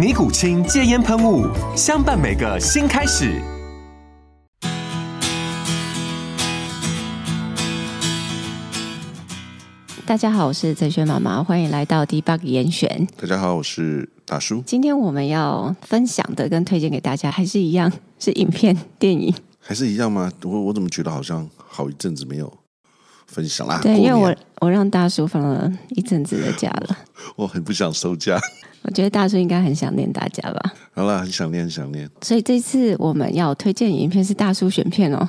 尼古清戒煙噴霧，相伴每個新開始。大家好，我是哲軒媽媽，歡迎來到 DEBUG 嚴選。大家好，我是大叔。今天我們要分享的跟推薦給大家還是一樣，是影片電影，還是一樣嗎？我我怎麼覺得好像好一陣子沒有分享啦？對，因為我我讓大叔放了一陣子的假了我，我很不想收假。我覺得大叔應該很想念大家吧。好啦，很想念，很想念。所以這次我們要推薦的影片是大叔選片哦。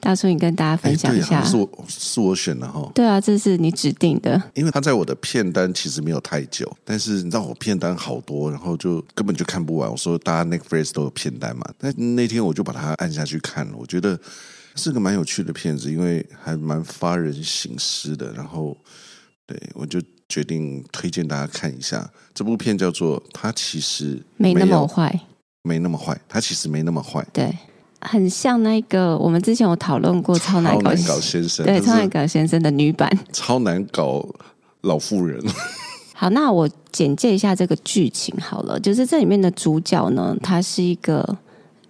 大叔，你跟大家分享一下，哎啊、是我是我選的哈、哦？對啊，這是你指定的。因為他在我的片單其實沒有太久，但是你知道我片單好多，然後就根本就看不完。我說大家 Netflix 都有片單嘛，但那天我就把它按下去看了，我覺得是個蠻有趣的片子，因為還蠻發人省思的。然後，對我就。決定推薦大家看一下這部片，叫做《她其實沒那麼壞》，沒那麼壞，她其實沒那麼壞。對，很像那個我們之前有討論過超《超難搞先生》對，《超難搞先生》的女版《超難搞老婦人》婦人。好，那我簡介一下這個劇情好了，就是這裡面的主角呢，她是一個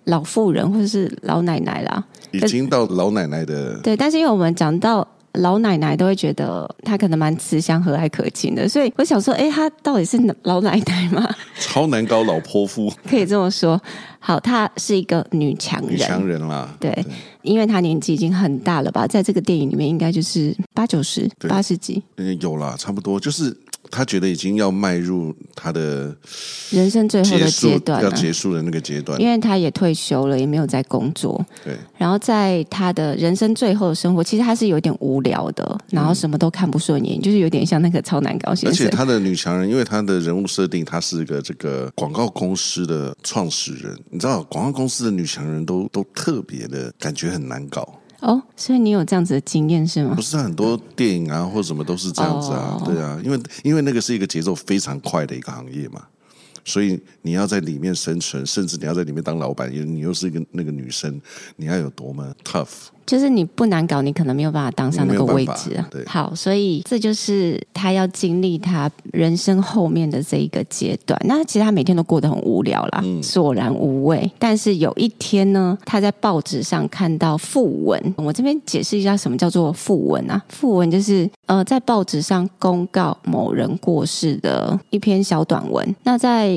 老婦人或者是老奶奶啦，已經到老奶奶的。對，但是因為我們講到。老奶奶都會覺得她可能蠻慈祥、和藹可親的，所以我想說，哎，她到底是老奶奶嗎？超難搞老潑婦， 可以這麼說。好，她是一個女強人，女強人啦，對。對，因為她年紀已經很大了吧，在這個電影裡面應該就是八九十、八十幾。有啦，差不多就是。他覺得已經要邁入他的人生最後的階段，啊，要結束的那個階段，因為他也退休了，也沒有在工作。對，然後在他的人生最後的生活，其實他是有點無聊的，然後什麼都看不順眼，嗯，就是有點像那個超難搞先生。而且他的女強人，因為他的人物設定，他是一個這個廣告公司的創始人，你知道廣告公司的女強人都都特別的感覺很難搞。哦、oh，所以你有這樣子的經驗是嗎？不是啊，很多電影啊，或什麼都是這樣子啊，oh. 對啊，因為因為那個是一個節奏非常快的一個行業嘛，所以你要在裡面生存，甚至你要在裡面當老闆，你你又是一個那個女生，你要有多麼 tough。就是你不難搞，你可能沒有辦法當上那個位置。好，所以這就是他要經歷他人生後面的這一個階段。那其實他每天都過得很無聊啦，嗯，索然無味。但是有一天呢，他在報紙上看到訃文。我這邊解釋一下，什麼叫做訃文啊？訃文就是呃，在報紙上公告某人過世的一篇小短文。那在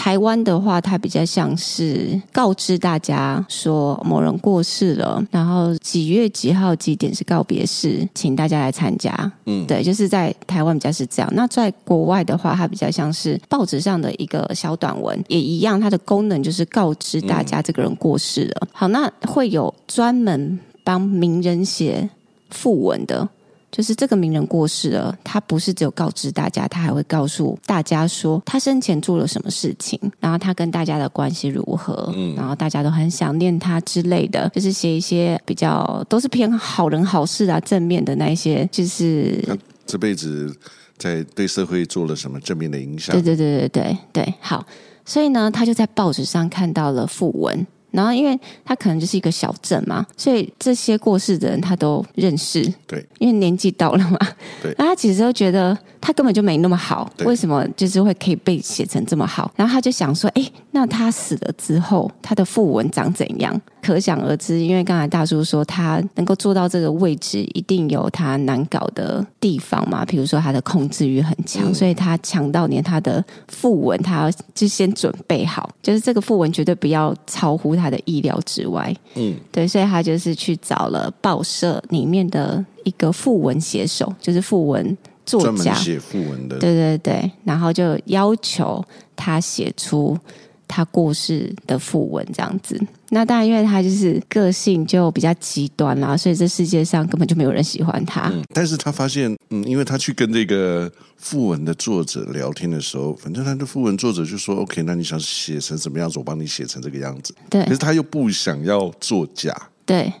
台灣的話，它比較像是告知大家說某人過世了，然後幾月幾號幾點是告別式，請大家來參加。嗯，對，就是在台灣比較是這樣。那在國外的話，它比較像是報紙上的一個小短文，也一樣，它的功能就是告知大家這個人過世了。好，那會有專門幫名人寫訃文的。就是這個名人過世了，他不是只有告知大家，他還會告訴大家說他生前做了什麼事情，然後他跟大家的關係如何，嗯，然後大家都很想念他之類的，就是寫一些比較都是偏好人好事啊、正面的那一些，就是、啊、這輩子在對社會做了什麼正面的影響，對對對對對對，好，所以呢，他就在報紙上看到了訃文。然後，因為他可能就是一個小鎮嘛，所以這些過世的人他都認識。對，因為年紀到了嘛。對。那他其實都覺得他根本就沒那麼好，為什麼就是會可以被寫成這麼好？然後他就想說，哎，那他死了之後，嗯，他的訃聞長怎樣？可想而知，因為剛才大叔說他能夠做到這個位置，一定有他難搞的地方嘛。比如說他的控制慾很強、嗯，所以他強到連他的訃聞，他就先準備好，就是這個訃聞絕對不要超乎他的意料之外。嗯，對，所以他就是去找了報社裡面的一個訃聞寫手，就是訃聞作家，專寫訃聞的。對對對，然後就要求他寫出。他故事的訃聞這樣子，那當然因為他就是個性就比較極端啦，所以這世界上根本就沒有人喜歡他。嗯，但是他發現，嗯，因為他去跟這個訃聞的作者聊天的時候，反正他的訃聞作者就說：“OK，那你想寫成什麼樣子，我幫你寫成這個樣子。”對，可是他又不想要作假。對。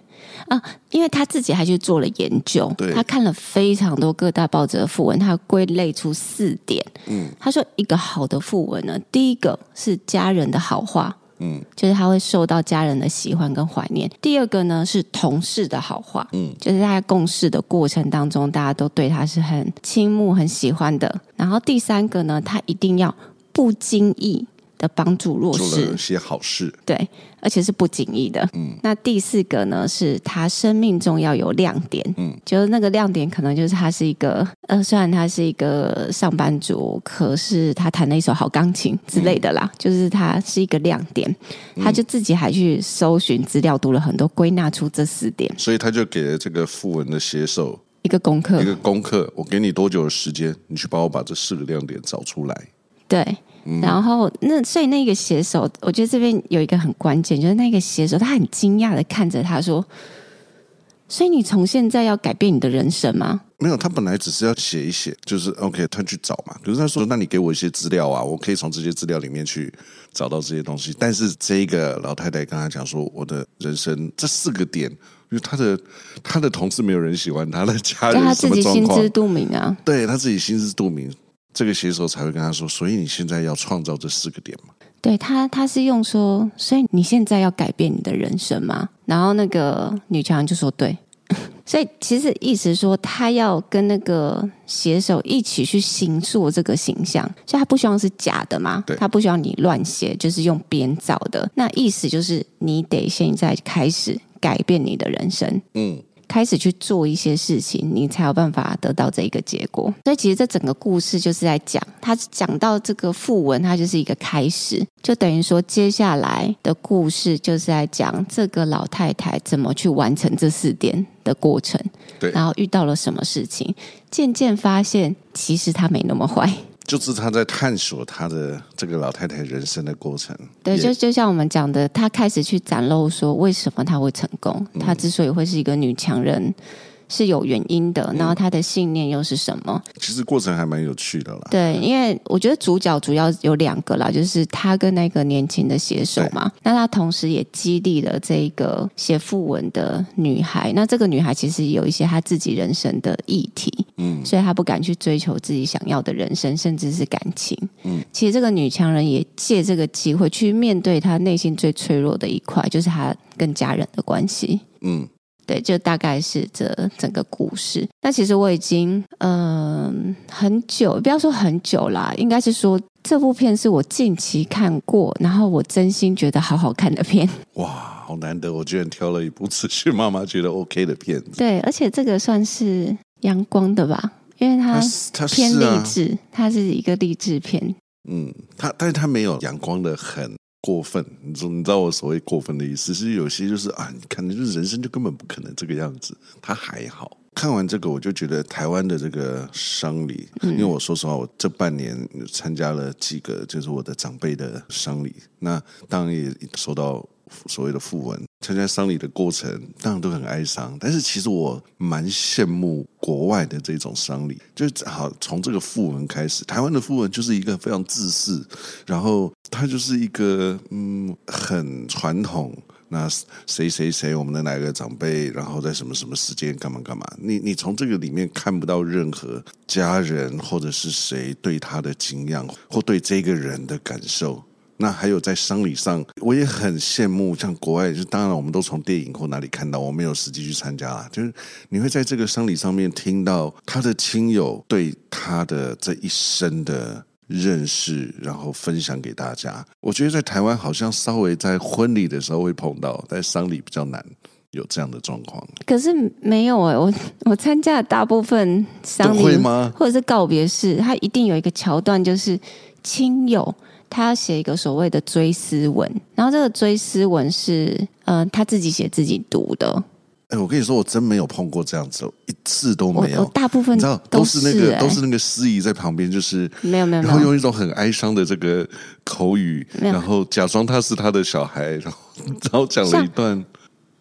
啊，因為他自己還去做了研究，他看了非常多各大報紙的訃文，他歸類出四點。嗯，他說一個好的訃文呢，第一個是家人的好話，嗯，就是他會受到家人的喜歡跟懷念。第二個呢是同事的好話，嗯，就是在共事的過程當中，大家都對他是很傾慕、很喜歡的。然後第三個呢，他一定要不經意的幫助弱勢，做了一些好事，對，而且是不經意的。嗯，那第四個呢，是他生命中要有亮點，嗯，就是那個亮點可能就是他是一個，呃，雖然他是一個上班族，可是他彈了一首好鋼琴之類的啦，嗯、就是他是一個亮點、嗯，他就自己還去搜尋資料，讀了很多，歸納出這四點，所以他就給了這個訃聞的寫手一個功課，一個功課，我給你多久的時間，你去幫我把這四個亮點找出來，對。然後，那所以那個寫手，我覺得這邊有一個很關鍵，就是那個寫手他很驚訝的看着他說：“所以你從現在要改變你的人生嗎？”沒有，他本來只是要寫一寫，就是 OK，他去找嘛。比如他說：“那你給我一些資料啊，我可以從這些資料裡面去找到這些東西。”但是這一個老太太跟他講說：“我的人生這四個點，因為他的他的同事沒有人喜歡，他的家人什麼狀況，他自己心知肚明啊，對他自己心知肚明。這個寫手才會跟他說，所以你現在要創造這四個點嗎？對他，他是用說，所以你現在要改變你的人生嘛？然後那個女強人就說，對， 所以其實意思說，他要跟那個寫手一起去形塑這個形象，所以他不希望是假的嘛，他不希望你亂寫，就是用編造的。那意思就是，你得現在開始改變你的人生。嗯。開始去做一些事情，你才有辦法得到這一個結果。所以其實這整個故事就是在講，他講到這個訃聞，它就是一個開始，就等於說接下來的故事就是在講這個老太太怎麼去完成這四點的過程，對，然後遇到了什麼事情，漸漸發現其實他沒那麼壞。就是他在探索他的這個老太太人生的過程。對，就、yeah. 就像我們講的，他開始去展露說，為什麼他會成功，嗯。他之所以會是一個女強人。是有原因的，然後他的信念又是什麼？嗯、其實過程還蠻有趣的啦。對，因為我覺得主角主要有兩個啦，就是他跟那個年輕的寫手嘛。那他同時也激勵了這個寫訃聞的女孩。那這個女孩其實有一些她自己人生的議題，嗯，所以她不敢去追求自己想要的人生，甚至是感情。嗯，其實這個女強人也借這個機會去面對她內心最脆弱的一塊，就是她跟家人的關係。嗯。對，就大概是這整個故事。那其實我已經嗯、呃、很久，不要說很久啦，應該是說這部片是我近期看過，然後我真心覺得好好看的片。哇，好難得，我居然挑了一部只是媽媽覺得 OK 的片。對，而且這個算是陽光的吧，因為它它偏勵志，它它、啊，它是一個勵志片。嗯，它但是它沒有陽光的很過分，你知你知道我所謂過分的意思是有些就是啊，可能就是人生就根本不可能這個樣子。他還好，看完這個我就覺得台灣的這個喪禮，嗯，因為我說實話，我這半年參加了幾個就是我的長輩的喪禮，那當然也收到所謂的訃聞。參加喪禮的過程當然都很哀傷，但是其實我蠻羨慕國外的這種喪禮，就是好從這個訃文開始。台灣的訃文就是一個非常正式。然後他就是一個嗯很傳統。那誰誰誰我們的哪個長輩，然後在什麼什麼時間幹嘛幹嘛，你你從這個裡面看不到任何家人或者是誰對他的驚訝或對這個人的感受。那還有在喪禮上，我也很羨慕，像國外，就當然我們都從電影或哪裡看到，我沒有實際去參加啊。就是你會在這個喪禮上面聽到他的親友對他的這一生的認識，然後分享給大家。我覺得在台灣好像稍微在婚禮的時候會碰到，在喪禮比較難有這樣的狀況。可是沒有、欸、我我參加的大部分喪禮 都會嗎，或者是告別式，他一定有一個橋段，就是親友。他要寫一個所謂的追思文，然後這個追思文是，呃，他自己寫自己讀的。哎，我跟你說，我真沒有碰過這樣子，一次都沒有。大部分你知道都是那個都是那個司儀、欸、在旁邊，就是沒有，沒有沒有，然後用一種很哀傷的這個口語，然後假裝他是他的小孩，然後然後講了一段。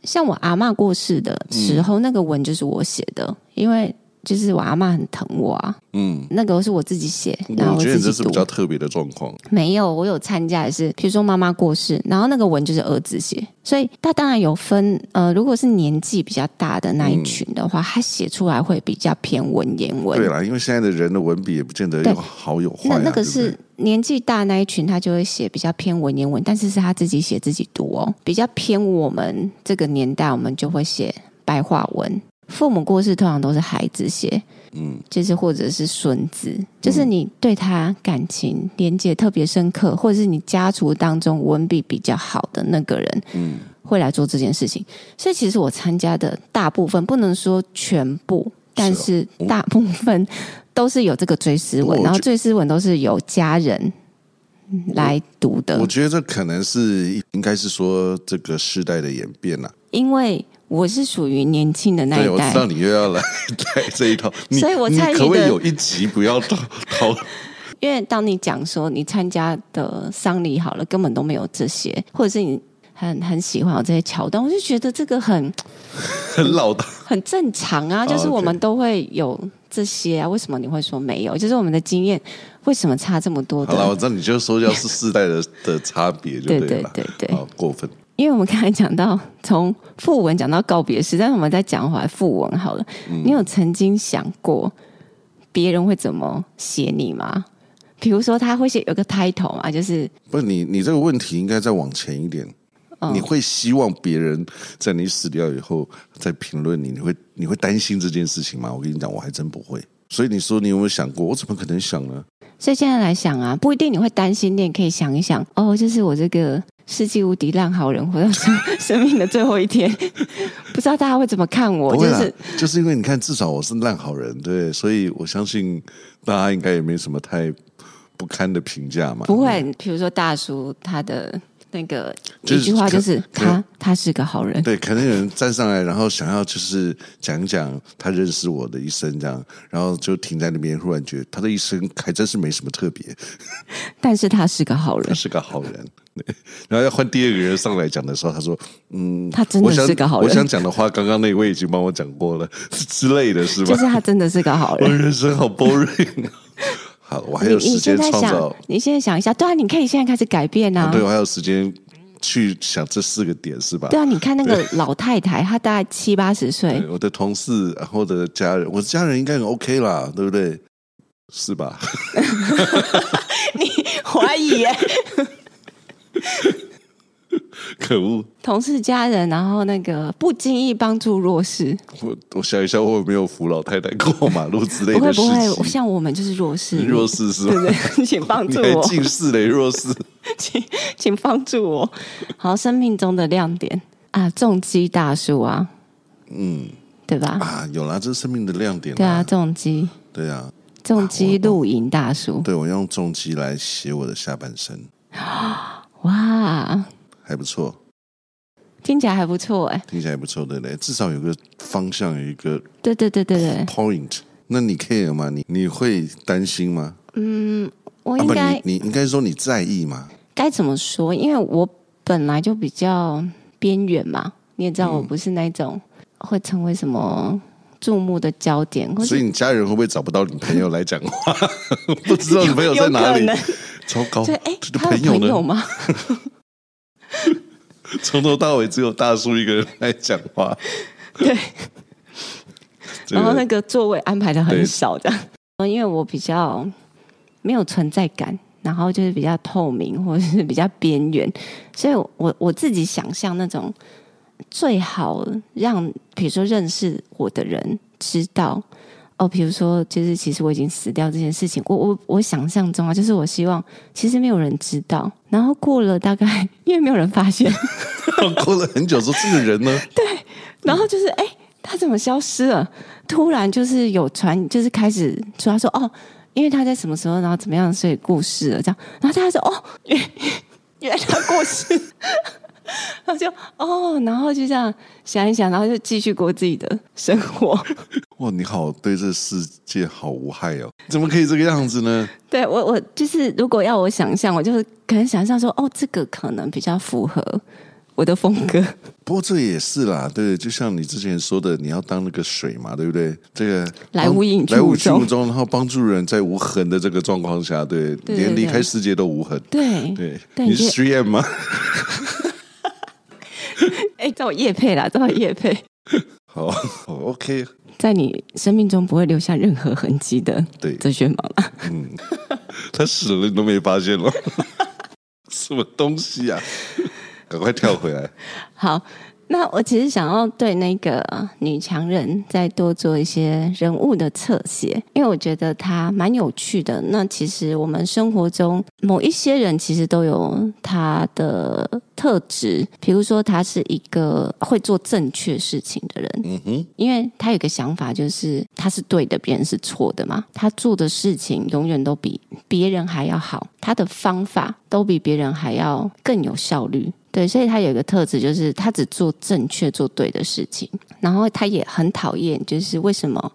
像，像我阿嬤過世的時候、嗯，那個文就是我寫的，因為。就是我阿媽很疼我啊，嗯，那個是我自己寫，然後我覺得這是比較特別的狀況。沒有，我有參加的是，譬如說媽媽過世，然後那個文就是兒子寫，所以他當然有分，呃，如果是年紀比較大的那一群的話、嗯，他寫出來會比較偏文言文。對啦，因為現在的人的文筆也不見得有好有壞、啊。那那個是年紀大那一群，他就會寫比較偏文言文，但是是他自己寫自己讀哦，比較偏我們這個年代，我們就會寫白話文。父母過世通常都是孩子寫，嗯，就是或者是孫子，嗯，就是你對他感情連接特別深刻，或者是你家族當中文筆比較好的那個人，嗯，會來做這件事情。所以其實我參加的大部分不能說全部，但是大部分都是有這個追思文，哦，然後追思文都是由家人來讀的。我，我覺得這可能是應該是說這個世代的演變了，因為。我是屬於年輕的那一代，我知道你又要來這一套， 所以我，我才可不可以有一集不要掏掏？ 因為當你講說你參加的喪禮好了，根本都沒有這些，或者是你很很喜歡這些橋段，我就覺得這個很很老的，很正常啊，就是我們都會有這些啊。 okay. 為什麼你會說沒有？就是我們的經驗為什麼差這麼多？好了，我知道你就說，要是世代的 的差別就對了，對對對，好過分。因為我們剛才講到從訃文講到告別式，但是我們再講回來訃文好了，嗯。你有曾經想過別人會怎麼寫你嗎？比如說他會寫有個 title 啊，就是不是你？你這個問題應該再往前一點。哦，你會希望別人在你死掉以後再評論你？你會你會擔心這件事情嗎？我跟你講，我還真不會。所以你說你有沒有想過？我怎麼可能想呢，啊？所以現在來想啊，不一定你會擔心一點，你也可以想一想。哦，就是我這個。世界無敵爛好人，活到生命的最後一天， 不知道大家會怎麼看我。就是，就是因為你看，至少我是爛好人，對，所以我相信大家應該也沒什麼太不堪的評價嘛。不會，比如說大叔他的那個、就是、一句話就是他、嗯、他是個好人。對，可能有人站上來，然後想要就是講講他認識我的一生這樣，然後就停在那邊，忽然覺得他的一生還真是沒什麼特別。但是他是個好人，他是個好人。然後要換第二個人上來講的時候，他說：“嗯，他真的是個好人。我想講的話，剛剛那位已經幫我講過了，之類的是吧？就是他真的是個好人。我人生好 boring，啊，好，我還有時間創造你在想。你現在想一下，對啊，你可以現在開始改變啊。啊對，我還有時間去想這四個點是吧？對啊，你看那個老太太，她大概七八十歲。我的同事或者家人，我的家人應該很 OK 啦，對不對？是吧？ 你懷疑欸。 ” 可惡！同事、家人，然後那個不經意幫助弱勢。我我想一下，我有沒有扶老太太過馬路之類的 不會不會，像我們就是弱勢，弱勢是吧？對，對對？請幫助我近視的弱勢 ，請請幫助我。好，生命中的亮點啊，重機大叔啊，嗯，對吧？啊，有了，這生命的亮點。對啊，重機。對啊，重機露營大叔。對，我用重機來寫我的下半生啊。 哇，還不錯，聽起來還不錯哎、欸，聽起來不錯的嘞，至少有個方向，有一個對對對對 point。那你 care 嗎？你你會擔心嗎？嗯，我應該、啊、你，你，你應該說你在意嗎？該怎麼說？因為我本來就比較邊緣嘛，你也知道，我不是那種會成為什麼注目的焦點，嗯、所以你家人會不會找不到你朋友來講話？ 不知道你朋友在哪裡？糟糕，欸，他的朋友嗎？從 頭到尾只有大叔一個人在講話 對。 對，然後那個座位安排的很少這樣，因為我比較沒有存在感，然後就是比較透明或者是比較邊緣，所以我我自己想象那種最好讓，比如說認識我的人知道，哦，比如說，就是其實我已經死掉這件事情，我我我想象中啊，就是我希望其實沒有人知道，然後過了大概，因為沒有人發現，過 了很久說這個人呢，對，然後就是哎、嗯欸，他怎麼消失了？突然就是有傳，就是開始說他說哦，因為他在什麼時候，然後怎麼樣，所以過世了這樣，然後他說哦原，原來他過世。 然後就哦，然後就這樣想一想，然後就繼續過自己的生活。哇，哇你好，對這世界好無害哦，怎麼可以這個樣子呢？對我，我就是如果要我想象，我就是可能想象說，哦，這個可能比較符合我的風格。不過這也是啦，對，就像你之前說的，你要當那個水嘛，對不對？這個來無影去無蹤，來無影去無蹤，然後幫助人在無痕的這個狀況下，對，對對對對，連離開世界都無痕。對對、對、對、對，你是實驗嗎？ 哎、 欸，叫我業配啦，叫我業配。好、oh，OK，在你生命中不會留下任何痕跡的。對，哲學盲嗯， 他死了你都沒發現嗎？ 什麼東西啊？趕快跳回來。 好。那我其實想要對那個女強人再多做一些人物的側寫，因為我覺得她蠻有趣的。那其實我們生活中某一些人其實都有她的特質，比如說她是一個會做正確事情的人。嗯哼，因為她有一個想法，就是她是對的，別人是錯的嘛。她做的事情永遠都比別人還要好，她的方法都比別人還要更有效率。對，所以他有一個特質，就是他只做正確、做對的事情。然後他也很討厭，就是為什麼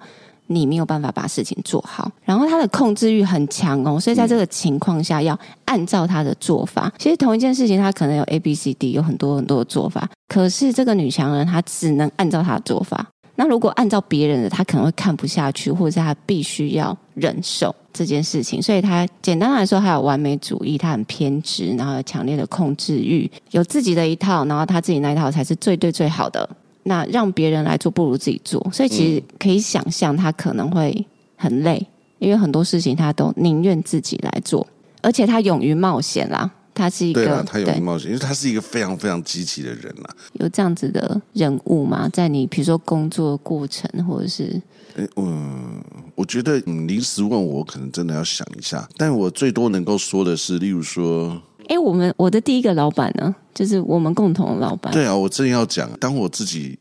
你沒有辦法把事情做好。然後他的控制慾很強哦，所以在這個情況下，要按照他的做法。嗯。其實同一件事情，他可能有 A、B、C、D，有很多很多的做法。可是這個女強人，她只能按照她的做法。那如果按照別人的，他可能會看不下去，或者是他必須要忍受這件事情。所以，他簡單來說，他有完美主義，他很偏執，然後有強烈的控制欲，有自己的一套，然後他自己那一套才是最對最好的。那讓別人來做，不如自己做。所以，其實可以想象，他可能會很累，嗯，因為很多事情他都寧願自己來做，而且他勇於冒險啦。他是一個，對啊，他有冒險，因為他是一個非常非常積極的人吶、啊。有這樣子的人物嗎？在你比如說工作過程，或者是哎、欸，我我覺得、嗯、臨時問我，我可能真的要想一下。但我最多能夠說的是，例如說，哎、欸，我們我的第一個老闆呢，就是我們共同的老闆。對啊，我正要講，當我自己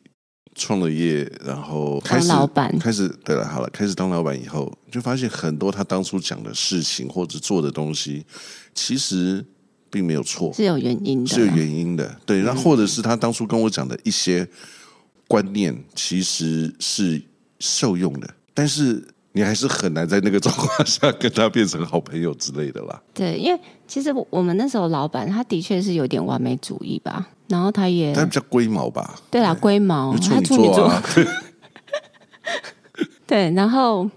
創了業，然後開始老闆開始，對了、啊，好了，開始當老闆以後，就發現很多他當初講的事情或者做的東西，其實。並沒有錯，是有原因的，是有原因的。對，嗯、或者是他當初跟我講的一些觀念，其實是受用的，但是你還是很難在那個狀況下跟他變成好朋友之類的吧？對，因為其實我們那時候老闆，他的確是有點完美主義吧，然後他也，他比較龜毛吧？對啦，龜毛，處女座，對，然後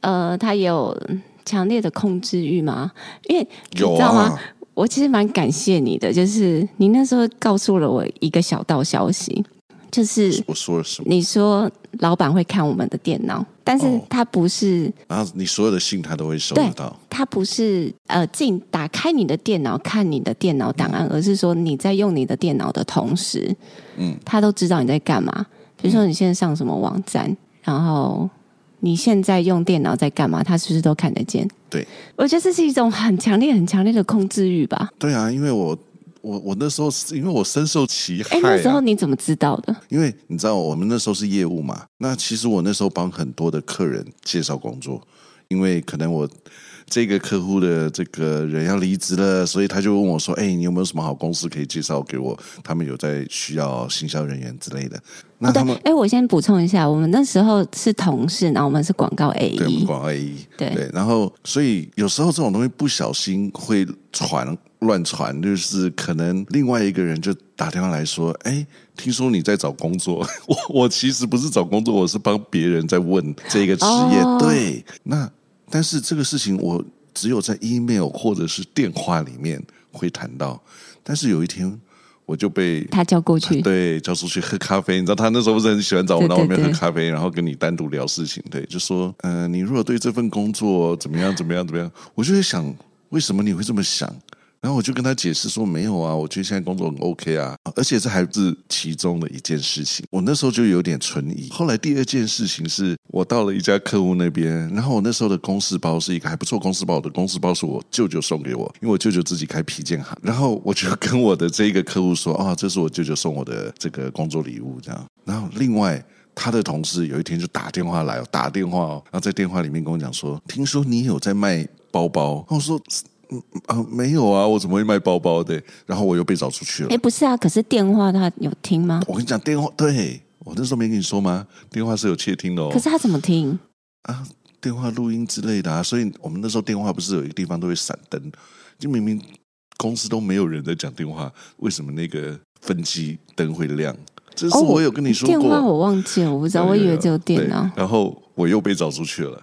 呃，他也有強烈的控制慾嘛？因為有，你知道嗎？我其實蠻感謝你的，就是你那時候告訴了我一個小道消息，就是我說了什麼？你說老闆會看我們的電腦，但是他不是、哦、啊，你所有的信他都會收得到，他不是呃進打開你的電腦看你的電腦檔案、嗯，而是說你在用你的電腦的同時，嗯，他都知道你在幹嘛，比如說你現在上什麼網站，嗯、然後，你現在用電腦在幹嘛？他是不是都看得見？對，我覺得這是一種很強烈、很強烈的控制欲吧。對啊，因為我我我那時候是因為我深受其害啊。欸，那時候你怎麼知道的？因為你知道，我們那時候是業務嘛。那其實我那時候幫很多的客人介紹工作，因為可能我這個客戶的這個人要離職了，所以他就問我說：“哎，欸，你有沒有什麼好公司可以介紹給我？他們有在需要行銷人員之類的。”欸、我先補充一下，我們那時候是同事，然後我們是廣告 AE，對，廣告 AE，對，對，然後所以有時候這種東西不小心會傳亂傳，就是可能另外一個人就打電話來說，哎、欸，聽說你在找工作，我我其實不是找工作，我是幫別人在問這個職業，哦，對，那但是這個事情我只有在 email 或者是電話裡面會談到，但是有一天，我就被他叫過去，對，叫出去喝咖啡，你知道他那時候不是很喜歡找我到外面喝咖啡，然後跟你單獨聊事情，對，就說，嗯、呃，你如果對這份工作怎麼樣，怎麼樣，怎麼樣， 我就在想，為什麼你會這麼想？然後我就跟他解釋說沒有啊，我覺得現在工作很 OK 啊，而且這還是其中的一件事情。我那時候就有點存疑。後來第二件事情是我到了一家客戶那邊，然後我那時候的公事包是一個還不錯公事包，我的公事包是我舅舅送給我，因為我舅舅自己開皮件行。然後我就跟我的這個客戶說啊，這是我舅舅送我的這個工作禮物，這樣。然後另外他的同事有一天就打電話來打電話，然後在電話裡面跟我講說，聽說你有在賣包包，然後我說。啊，嗯，沒有啊，我怎麼會賣包包的？然後我又被找出去了。哎，不是啊，可是電話他有聽嗎？我跟你講，電話，對，我那時候沒跟你說嗎？電話是有竊聽的哦。可是他怎麼聽？啊，電話錄音之類的啊。所以我們那時候電話不是有一個地方都會閃燈，就明明公司都沒有人在講電話，為什麼那個分機燈會亮？哦，我有跟你說過，哦、我，電話我忘記了，我不知道，我以為只有電腦。然後我又被找出去了。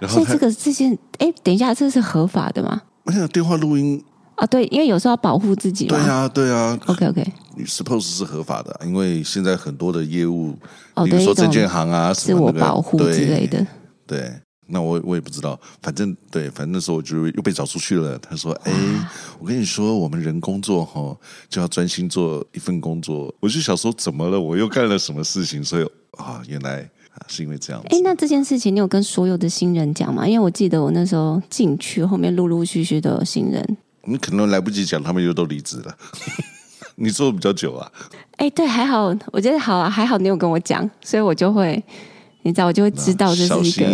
然後，所以這個這件，哎，等一下，這是合法的嗎？我、哎、想電話錄音啊、哦，對，因為有時候要保護自己。對呀、啊，對呀、啊。OK，OK、okay, okay。你 Suppose 是合法的，因為現在很多的業務，哦、你比如說證券行啊，哦、什麼、那個、自我保護之類的。對，對那我我也不知道，反正對，反正那時候我就又被找出去了。他說：“哎、啊，我跟你說，我們人工作哈，就要專心做一份工作。”我就想說，怎麼了？我又幹了什麼事情？所以啊、哦，原來。是因為這樣子。哎、欸，那這件事情你有跟所有的新人講嗎？因為我記得我那時候進去，後面陸陸續續都有新人。你可能來不及講，他們又都離職了。 你說比較久啊。哎、欸，對，還好，我覺得好啊，還好你有跟我講，所以我就會。 你知道，我就會知道這是一個什麼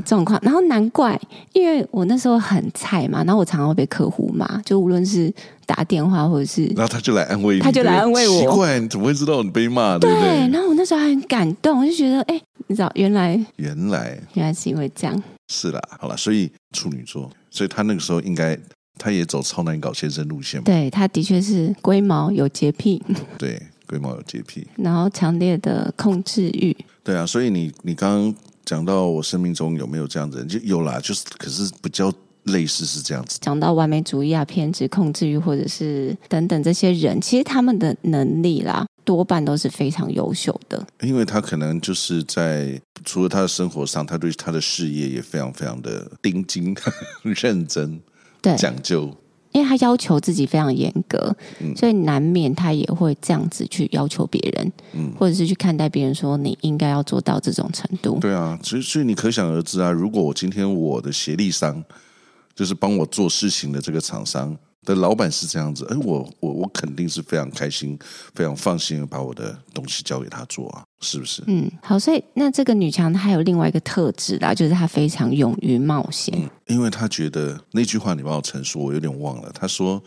狀況。對對。然後難怪，因為我那時候很菜嘛，然後我常常會被客戶罵，就無論是打電話或者是……然後他就來安慰，他就來安慰我。奇怪，你怎麼會知道你被罵？對，對，對。然後我那時候還很感動，我就覺得，哎，你知道，原來原來原來是因為這樣。是啦，好啦，所以處女座，所以他那個時候應該他也走超難搞先生路線嘛。對，他的確是龜毛，有潔癖。對。龜毛有潔癖，然後強烈的控制欲。對啊，所以你你剛剛講到我生命中有沒有這樣的人，就有啦，就是可是比較類似是這樣子。講到完美主義啊、偏執、控制欲，或者是等等這些人，其實他們的能力啦，多半都是非常優秀的。因為他可能就是在除了他的生活上，他對他的事業也非常非常的盯緊、認真、對講究。因為他要求自己非常嚴格，嗯，所以難免他也會這樣子去要求別人，嗯，或者是去看待別人說，你應該要做到這種程度。嗯，對啊，所以所以你可想而知啊，如果我今天我的協力商就是幫我做事情的這個廠商。的老闆是這樣子，哎、欸，我我我肯定是非常開心、非常放心地把我的東西交給他做啊，是不是？嗯，好，所以那這個女強她還有另外一個特質啦，就是她非常勇於冒險、嗯。因為她覺得那句話你幫我陳述，我有點忘了。她說：“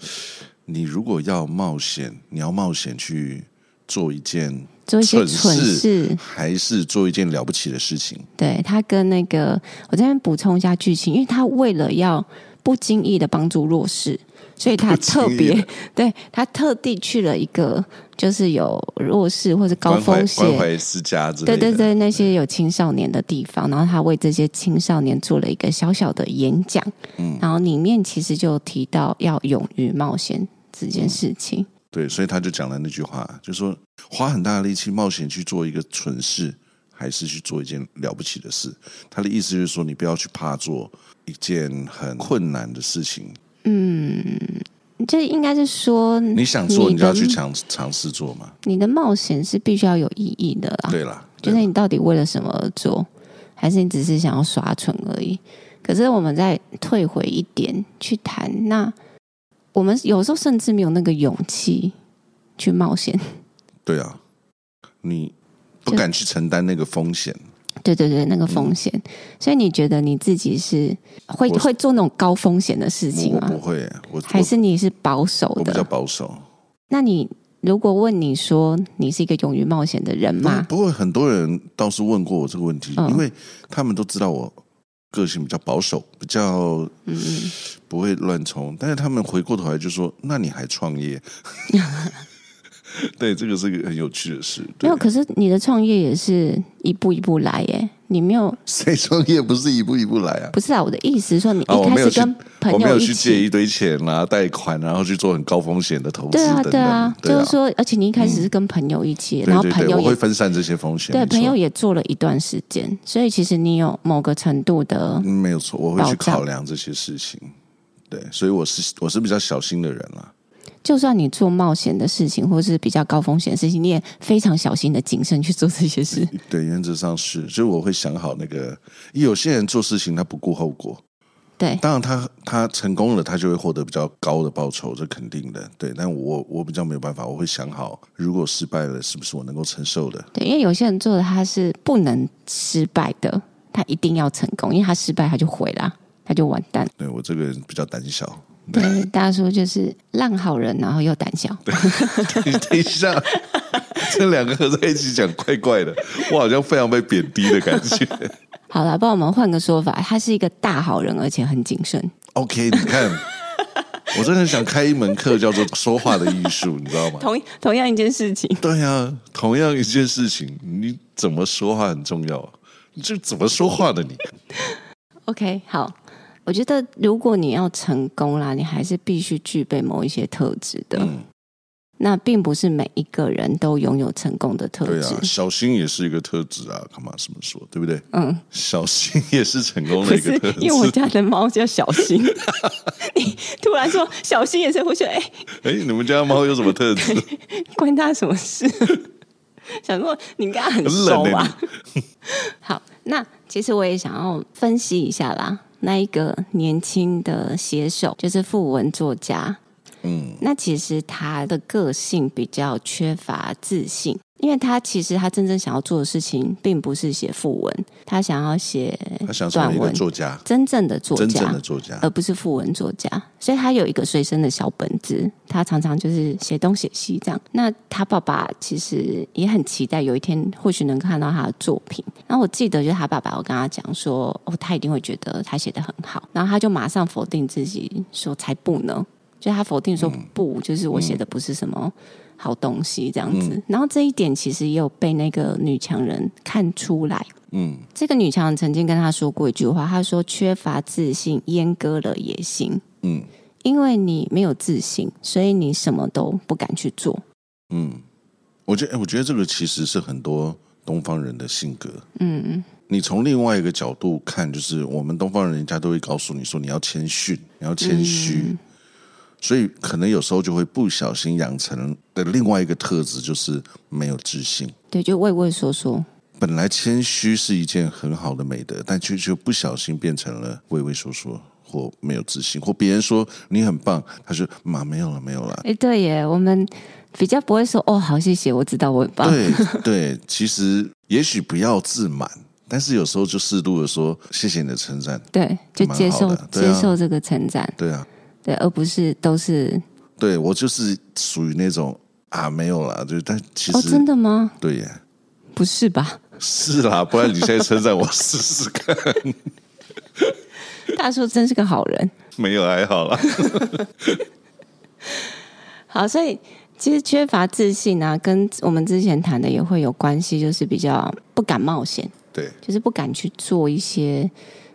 你如果要冒險，你要冒險去做一件做一些蠢事，還是做一件了不起的事情？”對，她跟那個我在這邊補充一下劇情，因為她為了要不經意的幫助弱勢。所以他特別對他特地去了一個就是有弱勢或者高風險、關懷私家之類，對對對，那些有青少年的地方、嗯，然後他為這些青少年做了一個小小的演講，嗯，然後裡面其實就提到要勇於冒險這件事情、嗯。對，所以他就講了那句話，就是說花很大的力氣冒險去做一個蠢事，還是去做一件了不起的事。他的意思就是說，你不要去怕做一件很困難的事情。嗯，這應該是說你，你想做，你就要去嘗嘗試做嘛，你的冒險是必須要有意義的啦。對啦，對啦，就是你到底為了什麼而做？還是你只是想要耍蠢而已？可是我們再退回一點去談，那我們有時候甚至沒有那個勇氣去冒險。對啊，你不敢去承擔那個風險。對對對，那個風險、嗯。所以你覺得你自己是會會做那種高風險的事情嗎？不會，我還是你是保守的，比較保守。那你如果問你說你是一個勇於冒險的人嗎？不，不過很多人倒是問過我這個問題、嗯，因為他們都知道我個性比較保守，比較嗯不會亂衝。但是他們回過頭來就說：“那你還創業？” 對，這個是個很有趣的事。沒有，可是你的創業也是一步一步來耶，你沒有誰創業不是一步一步來啊？不是啊，我的意思說，你一開始跟朋友、啊、我沒有去，我沒有去借一堆錢啦、啊，貸款、啊，然後去做很高風險的投資等等對、啊。對啊，對啊，就是說，而且你一開始是跟朋友一起，嗯、然後朋友也對對對會分散這些風險。對，朋友也做了一段時間，所以其實你有某個程度的、嗯、沒有錯，我會去考量這些事情。對，所以我是我是比較小心的人啦。就算你做冒險的事情，或是比較高風險的事情，你也非常小心的謹慎去做這些事。對，原則上是，所以我會想好那個。有些人做事情他不顧後果，對，當然他他成功了，他就會獲得比較高的報酬，這肯定的。對，但我我比較沒有辦法，我會想好，如果失敗了，是不是我能夠承受的？對，因為有些人做的他是不能失敗的，他一定要成功，因為他失敗他就毀了，他就完蛋。對，我這個人比較膽小。對，大叔就是爛好人，然後又膽小。你等一下，這兩個合在一起講怪怪的，我好像非常被貶低的感覺。好了，幫我們換個說法，他是一個大好人，而且很謹慎。OK，你看，我真的很想開一門課叫做說話的藝術，你知道嗎？同同樣一件事情，對呀、啊，同樣一件事情，你怎麼說話很重要。你這怎麼說話的你？你 OK，好。我覺得，如果你要成功啦，你還是必須具備某一些特質的。嗯。那並不是每一個人都擁有成功的特質。對啊，小心也是一個特質啊，幹嘛這麼說？對不對？嗯，小心也是成功的一個特質。因為我家的貓叫小心， 你突然說小心也是，會說哎，哎、欸，你們家貓有什麼特質？ 關他什麼事？ 想說你應該很熟啊。欸、 好，那其實我也想要分析一下啦。那一個年輕的寫手，就是訃文作家，嗯，那其實他的個性比較缺乏自信。因為他其實他真正想要做的事情，並不是寫訃文，他想要寫，短文作家，真正的作家，而不是訃文作家。所以他有一個隨身的小本子，他常常就是寫東寫西這樣。那他爸爸其實也很期待有一天或許能看到他的作品。然後我記得，就是他爸爸我跟他講說，哦，他一定會覺得他寫得很好。然後他就馬上否定自己，說：“才不呢。就他否定說不：“不、嗯，就是我寫的不是什麼。嗯”好東西這樣子，嗯，然後這一點其實也有被那個女強人看出來。嗯，這個女強人曾經跟她說過一句話，她說：“缺乏自信，閹割了野心。”嗯，因為你沒有自信，所以你什麼都不敢去做。嗯，我覺得，我覺得這個其實是很多東方人的性格。嗯，你從另外一個角度看，就是我們東方人家都會告訴你說，你要謙遜，你要謙虛。嗯所以，可能有時候就會不小心養成的另外一個特質，就是沒有自信。對，就畏畏縮縮。本來謙虛是一件很好的美德，但卻卻不小心變成了畏畏縮縮，或沒有自信，或別人說你很棒，他就嘛沒有了，沒有了。哎、欸，對耶，我們比較不會說哦，好，謝謝，我知道我很棒。對對， 其實也許不要自滿，但是有時候就適度的說謝謝你的稱讚，對，就接受接受這個稱讚，對啊。對啊。對，而不是都是。對，我就是屬於那種啊，沒有啦，就但其實、哦、真的嗎？對呀、啊，不是吧？是啦，不然你現在稱讚 我試試看。大叔真是個好人。沒有，還好啦。 好，所以其實缺乏自信呢、啊，跟我們之前談的也會有關係，就是比較不敢冒險，對，就是不敢去做一些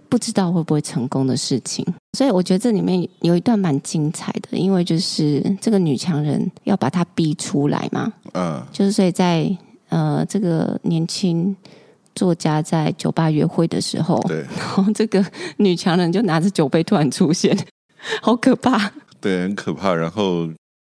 不知道會不會成功的事情。所以我覺得這裡面有一段蠻精彩的，因為就是這個女強人要把她逼出來嘛，嗯，就是所以在呃這個年輕作家在酒吧約會的時候，對，然後這個女強人就拿着酒杯突然出現，好可怕，對，很可怕，然後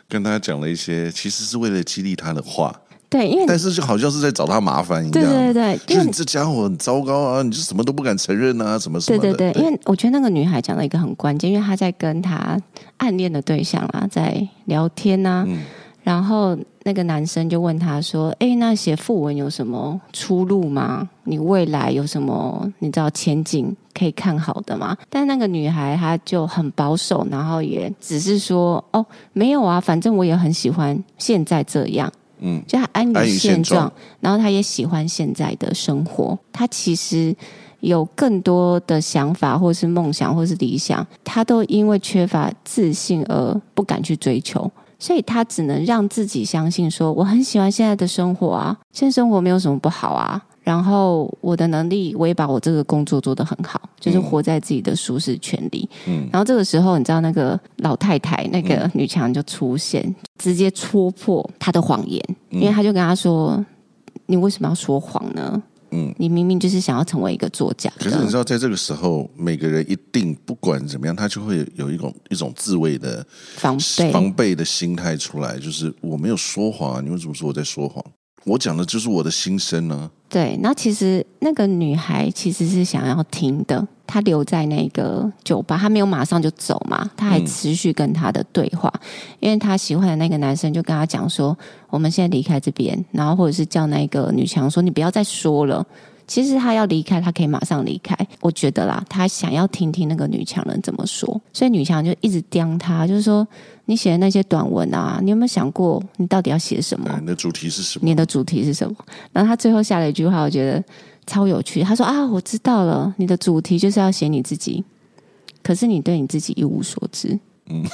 跟她講了一些其實是為了激勵她的話。對，因為但是就好像是在找他麻煩一樣。對對對，對，因為你這家伙很糟糕啊！你是什麼都不敢承認啊，什麼什麼的。對對對，因為我覺得那個女孩講了一個很關鍵，因為她在跟她暗戀的對象啊在聊天啊。嗯。然後那個男生就問她說：“哎，那寫作文有什麼出路嗎？你未來有什麼你知道前景可以看好的嗎？”但那個女孩她就很保守，然後也只是說：“哦，沒有啊，反正我也很喜歡現在這樣。”嗯，就他安於現狀，然後他也喜歡現在的生活。嗯。他其實有更多的想法，或是夢想，或是理想，他都因為缺乏自信而不敢去追求，所以他只能讓自己相信說：“我很喜歡現在的生活啊，現在生活沒有什麼不好啊。”然後我的能力，我也把我這個工作做得很好，就是活在自己的舒適圈裡。嗯，然後這個時候，你知道那個老太太那個女強人就出現、嗯，直接戳破她的謊言、嗯，因為她就跟她說：“你為什麼要說謊呢？嗯、你明明就是想要成為一個作家。”可是你知道，在這個時候，每個人一定不管怎麼樣，他就會有一種一種自衛的防備防備的心態出來，就是我沒有說謊，你為什麼說我在說謊？我講的就是我的心聲呢、啊。對，那其實那個女孩其實是想要聽的，她留在那個酒吧，她沒有馬上就走嘛，她還持續跟他的對話、嗯，因為她喜歡的那個男生就跟他講說，我們現在離開這邊，然後或者是叫那個女強說，你不要再說了。其實他要離開，他可以馬上離開。我覺得啦，他想要聽聽那個女強人怎麼說，所以女強人就一直盯他，就是說你寫的那些短文啊，你有沒有想過你到底要寫什麼？你的主題是什麼？哎，那主題是什麼？你的主題是什麼？然後他最後下了一句話，我覺得超有趣。他說啊，我知道了，你的主題就是要寫你自己，可是你對你自己一無所知。嗯，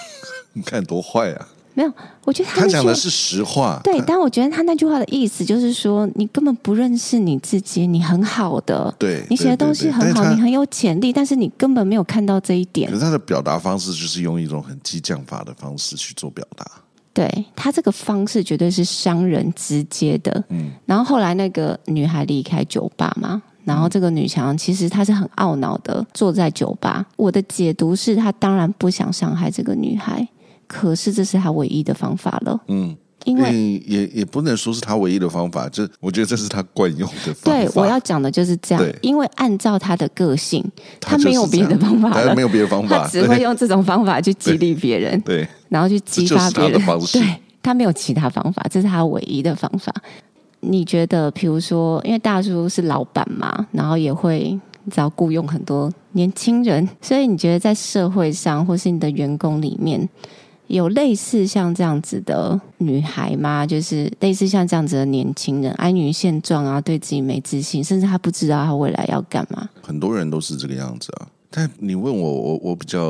你看多壞啊！」沒有，我覺得他，他講的是實話。對，但我覺得他那句話的意思就是說，你根本不認識你自己，你很好的，對，你寫的東西很好，對對對，你很有潛力，但是你根本沒有看到這一點。可是他的表達方式就是用一種很激將法的方式去做表達。對，他這個方式絕對是傷人直接的。嗯，然後後來那個女孩離開酒吧嘛，然後這個女強其實她是很懊惱的坐在酒吧。我的解讀是，她當然不想傷害這個女孩。可是這是他唯一的方法了。嗯，因為也也不能說是他唯一的方法，就我覺得這是他慣用的方法。方對，我要講的就是這樣。對，因為按照他的個性，他，他沒有別的方法了，他沒有別的方法，他只會用這種方法去激勵別人，對，對對，然後去激發別人。他對他沒有其他方法，這是他唯一的方法。你覺得，譬如說，因為大叔是老闆嘛，然後也會只要雇傭很多年輕人，所以你覺得在社會上或是你的員工裡面？有類似像這樣子的女孩嗎？就是類似像這樣子的年輕人，安於現狀啊，對自己沒自信，甚至他不知道他未來要幹嘛。很多人都是這個樣子啊。但你問我，我我比較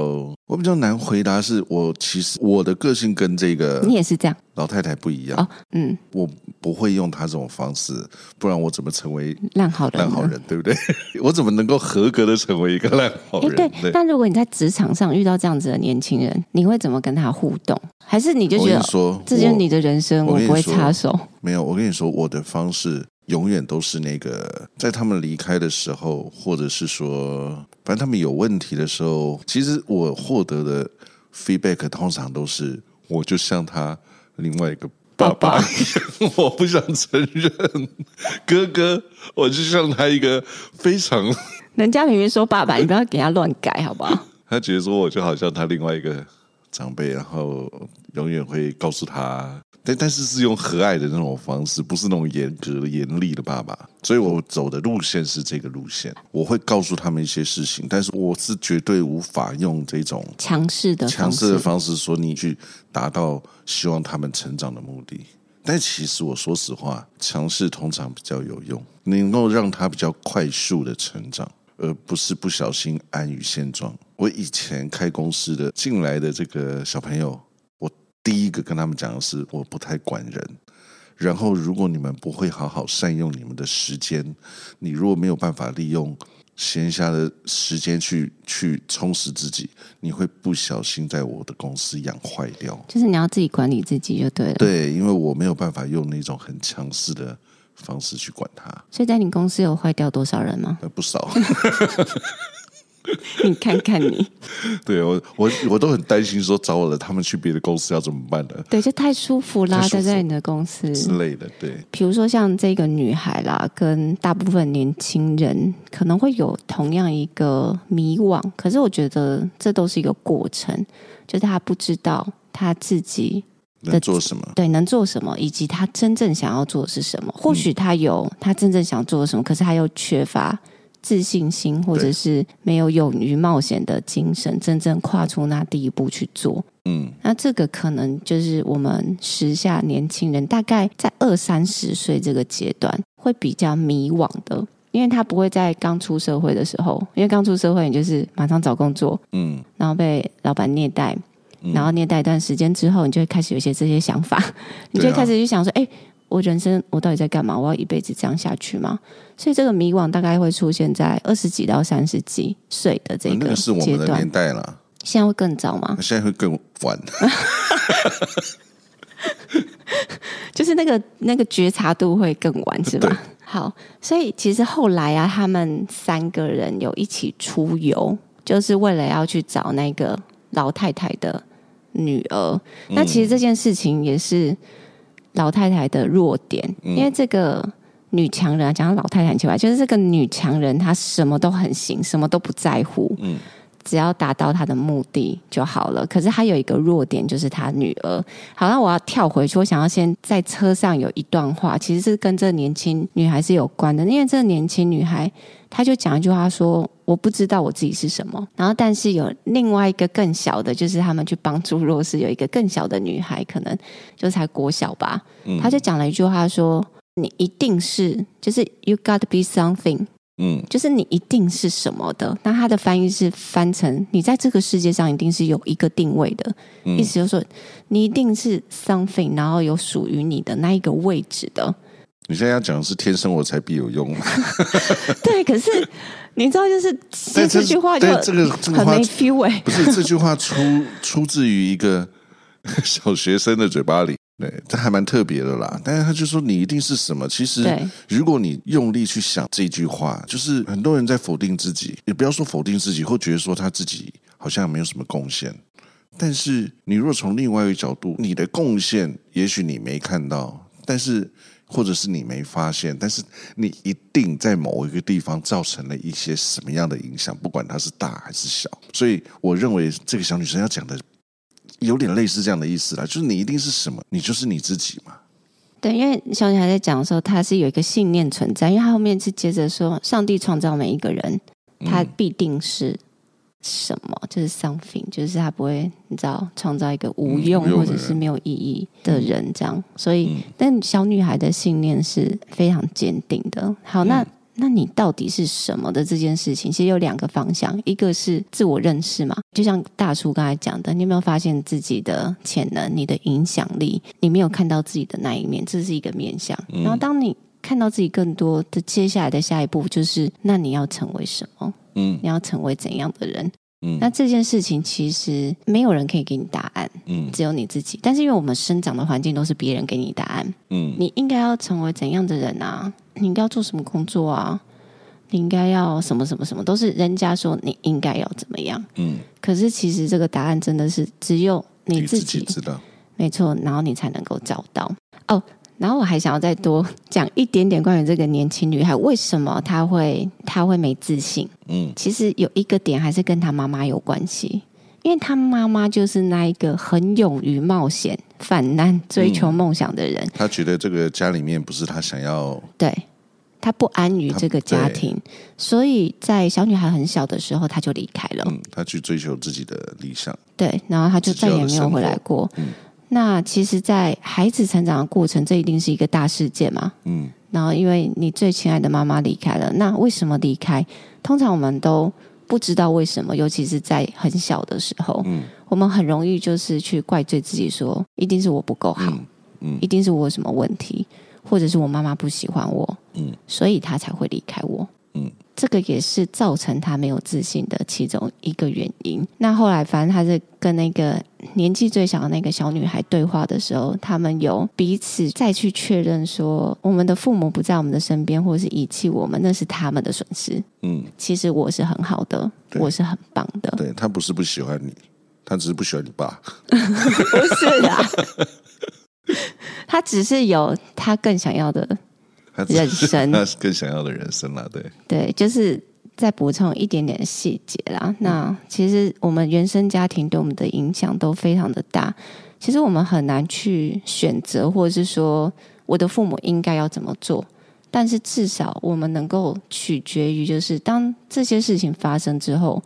我比較難回答。是我其實我的個性跟這個你也是這樣老太太不一樣，樣、哦、嗯，我不會用她這種方式，不然我怎麼成為爛好人，人？爛好人對不對？我怎麼能夠合格的成為一個爛好人、欸對？對。但如果你在職場上遇到這樣子的年輕人，你會怎麼跟他互動？還是你就覺得說，這就是你的人生，我不會插手？沒有，我跟你說，我的方式永遠都是那個，在他們離開的時候，或者是說。反正他們有問題的時候，其實我獲得的 feedback 通常都是我就像他另外一個爸爸一樣，爸爸 我不想承認哥哥，我就像他一個非常。人家明明說爸爸， 你不要給他亂改好不好？他只是說我就好像他另外一個。長輩，然後永遠會告訴他，但但是是用和藹的那種方式，不是那種嚴格的、嚴厲的爸爸。所以，我走的路線是這個路線。我會告訴他們一些事情，但是我是絕對無法用這種強勢的強勢的方式說你去達到希望他們成長的目的。但其實我說實話，強勢通常比較有用，你能夠讓他比較快速的成長。而不是不小心安於現狀。我以前開公司的進來的這個小朋友，我第一個跟他們講的是，我不太管人。然後，如果你們不會好好善用你們的時間，你如果沒有辦法利用閒暇的時間去去充實自己，你會不小心在我的公司養壞掉。就是你要自己管理自己就對了。對，因為我沒有辦法用那種很強勢的。方式去管他，所以在你公司有壞掉多少人嗎？不少， 你看看你，對我我我都很擔心，說找我的他們去別的公司要怎麼辦的？對，就太舒服啦，服在在你的公司之類的。對，比如說像這個女孩啦，跟大部分年輕人可能會有同樣一個迷惘，可是我覺得這都是一個過程，就是她不知道她自己。能做什麼？對，能做什麼？以及他真正想要做的是什麼？或許他有他真正想做的什麼，嗯，可是他又缺乏自信心，或者是沒有勇於冒險的精神，真正跨出那第一步去做。嗯，那這個可能就是我們時下年輕人大概在二三十歲這個階段會比較迷惘的，因為他不會在剛出社會的時候，因為剛出社會你就是馬上找工作，嗯，然後被老闆虐待。嗯、然後虐待一段時間之後，你就會開始有一些這些想法，啊、你就會開始去想說：“哎、欸，我人生我到底在幹嘛？我要一輩子這樣下去嗎？”所以這個迷惘大概會出現在二十幾到三十幾歲的這個階段了、啊。現在會更早嗎？現在會更晚， 就是那個那個覺察度會更晚，是吧？好，所以其實後來啊，他們三個人有一起出遊，就是為了要去找那個老太太的。女兒，那其實這件事情也是老太太的弱點，嗯、因為這個女強人講、啊、老太太很奇怪，就是這個女強人她什麼都很行，什麼都不在乎。嗯。只要達到他的目的就好了。可是他有一個弱點，就是他女兒。好，那我要跳回去，我想要先在車上有一段話，其實是跟這個年輕女孩是有關的。因為這個年輕女孩，她就講一句話說：“我不知道我自己是什麼。”然後，但是有另外一個更小的，就是他們去幫助弱勢，有一個更小的女孩，可能就才國小吧。她、嗯、就講了一句話說：“你一定是，就是 you gotta be something。”嗯，就是你一定是什麼的，那它的翻譯是翻成你在這個世界上一定是有一個定位的，嗯、意思就是說你一定是 something，然後有屬於你的那一個位置的。你現在要講的是天生我才必有用嘛， 對，可是你知道就是，但但是這句話就、欸，就 這個很沒趣味，這個、 不是這句話出出自於一個小學生的嘴巴裡。對，這還蠻特別的啦。但是他就說你一定是什麼？其實，如果你用力去想這句話，就是很多人在否定自己，也不要說否定自己，或覺得說他自己好像沒有什麼貢獻。但是，你若從另外一個角度，你的貢獻也許你沒看到，但是或者是你沒發現，但是你一定在某一個地方造成了一些什麼樣的影響，不管它是大還是小。所以，我認為這個小女生要講的。有點類似這樣的意思啦，就是你一定是什麼，你就是你自己嘛。對，因為小女孩在講的時候，她是有一個信念存在，因為她後面是接着說，上帝創造每一個人、嗯，他必定是什麼，就是 something，就是他不會，你知道，創造一個無用或者是沒有意義的人，人這樣。所以、嗯，但小女孩的信念是非常堅定的。好，那。嗯那你到底是什麼的這件事情，其實有兩個方向，一個是自我認識嘛，就像大叔剛才講的，你有沒有發現自己的潛能、你的影響力？你沒有看到自己的那一面，這是一個面向。嗯，然後當你看到自己更多的，接下來的下一步就是，那你要成為什麼？嗯，你要成為怎樣的人？嗯，那這件事情其實沒有人可以給你答案，嗯，只有你自己。但是因為我們生長的環境都是別人給你答案，嗯，你應該要成為怎樣的人啊？你應該要做什麼工作啊？你應該要什麼什麼什麼，都是人家說你應該要怎麼樣。嗯，可是其實這個答案真的是只有你自己，你自己知道，沒錯。然後你才能夠找到哦。然後我還想要再多講一點點關於這個年輕女孩為什麼她會她會沒自信。嗯，其實有一個點還是跟她媽媽有關係，因為她媽媽就是那一個很勇於冒險、犯難、追求夢想的人。她、嗯、覺得這個家裡面不是她想要對。他不安於這個家庭，所以在小女孩很小的時候，他就離開了。嗯、他去追求自己的理想。對，然後他就再也沒有回來過。嗯、那其實，在孩子成長的過程，這一定是一個大事件嘛。嗯。然後，因為你最親愛的媽媽離開了，那為什麼離開？通常我們都不知道為什麼，尤其是在很小的時候，嗯，我們很容易就是去怪罪自己說，說一定是我不夠好，嗯，嗯，一定是我有什麼問題。或者是我媽媽不喜歡我，嗯，所以他才會離開我，嗯，這個也是造成他沒有自信的其中一個原因。那後來，反正他是跟那個年紀最小的那個小女孩對話的時候，他們有彼此再去確認說，我們的父母不在我們的身邊，或者是遺棄我們，那是他們的損失。嗯，其實我是很好的，我是很棒的。對，他不是不喜歡你，他只是不喜歡你爸， 不是啊啦。 他只是有他更想要的人生，那是他更想要的人生啦。對對，就是再補充一點點細節啦，嗯。那其實我們原生家庭對我們的影響都非常的大。其實我們很難去選擇，或者是說我的父母應該要怎麼做，但是至少我們能夠取決於，就是當這些事情發生之後。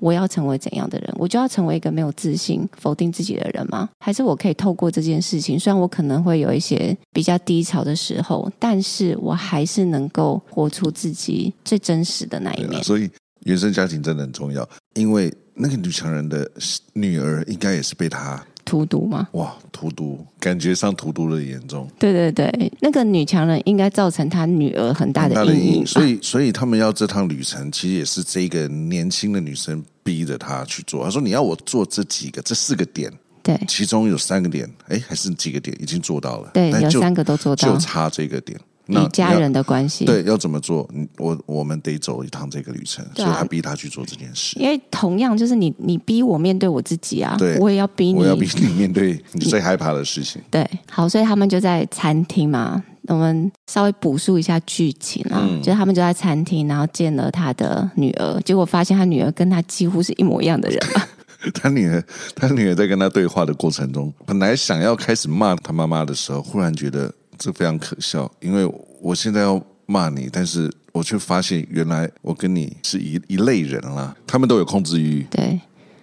我要成為怎樣的人？我就要成為一個沒有自信、否定自己的人嗎？還是我可以透過這件事情，雖然我可能會有一些比較低潮的時候，但是我還是能夠活出自己最真實的那一面。啊，所以原生家庭真的很重要，因為那個女強人的女兒應該也是被她荼毒嗎？哇，荼毒，感覺上荼毒的嚴重。對對對，那個女強人應該造成她女兒很大的陰影。陰影，所以，所以他們要這趟旅程，其實也是這個年輕的女生逼着她去做。她說：“你要我做這幾個，這四個點，對，其中有三個點，哎，還是幾個點，已經做到了。對，就有三個都做到，就差這個點。”你家人的關係，對，要怎麼做？我我們得走一趟這個旅程，啊，所以他逼他去做這件事。因為同樣就是你，你逼我面對我自己啊，對，我也要逼你，我要逼你面對你最害怕的事情。對，好，所以他們就在餐廳嘛，我們稍微補述一下劇情啊，嗯、就是、他們就在餐廳，然後見了他的女兒，結果發現他女兒跟他幾乎是一模一樣的人。 他女兒，他女兒在跟他對話的過程中，本來想要開始罵他媽媽的時候，忽然覺得。這非常可笑，因為我現在要罵你，但是我卻發現原來我跟你是一一類人啦。他們都有控制欲，對，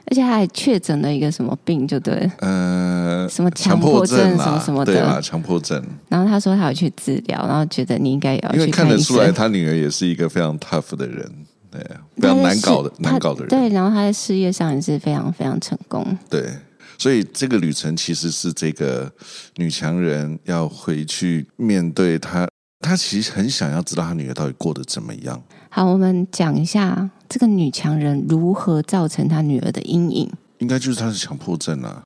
而且他還確診了一個什麼病，就對，呃，什麼強迫症，強迫症、啊、什麼什麼的對、啊，強迫症。然後他說他要去治療，然後覺得你應該要。要去。因為看得出來，他女兒也是一個非常 tough 的人對、啊，對，非常難搞的對對難搞的人。對，然後他在事業上也是非常非常成功，對。所以這個旅程其實是這個女強人要回去面對她，她其實很想要知道她女兒到底過得怎麼樣。好，我們講一下這個女強人如何造成她女兒的陰影。應該就是她的強迫症啊。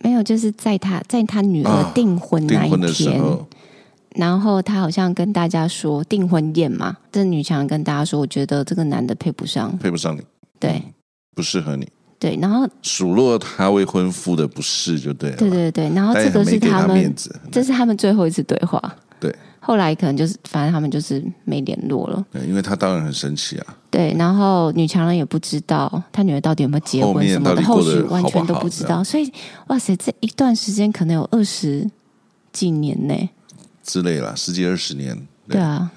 沒有，就是在她在她女兒訂婚那一天、啊訂婚的時候，然後她好像跟大家說訂婚宴嘛，這女強人跟大家說，我覺得這個男的配不上，配不上你，對，不適合你。對，然後數落他未婚夫的不是就對，對對對，然後這個是他們，這是他們最後一次對話。對，後來可能就是，反正他們就是沒聯絡了。對，因為他當然很生氣啊。對，然後女強人也不知道他女兒到底有沒有結婚，什麼的，後續完全好不好都不知道。所以，哇塞，這一段時間可能有二十幾年呢，之類了，十幾二十年對。對啊，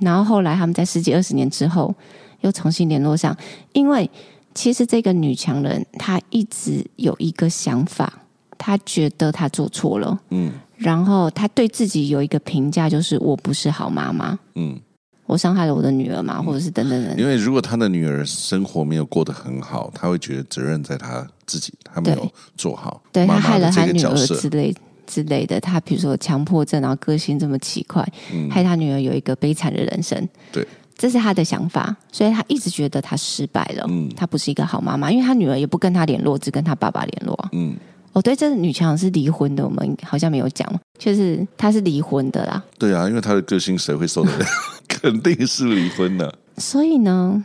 然後後來他們在十幾二十年之後又重新聯絡上，因為。其實這個女強人，她一直有一個想法，她覺得她做錯了，嗯，然後她對自己有一個評價，就是我不是好媽媽，嗯，我傷害了我的女兒嘛、嗯，或者是等、等等等。因為如果她的女兒生活沒有過得很好，她會覺得責任在她自己，她沒有做好，對，媽媽的這個角色。對她害了她女兒之類之類的。她比如說強迫症，然後個性這麼奇怪，害她女兒有一個悲慘的人生，嗯、對。這是他的想法，所以他一直覺得他失敗了，嗯，他不是一個好媽媽，因為他女兒也不跟他聯絡，只跟他爸爸聯絡。嗯，我對這女強人是離婚的，我們好像沒有講，就是她是離婚的啦。對啊，因為她的個性，誰會受得了？ 肯定是離婚的啊。所以呢？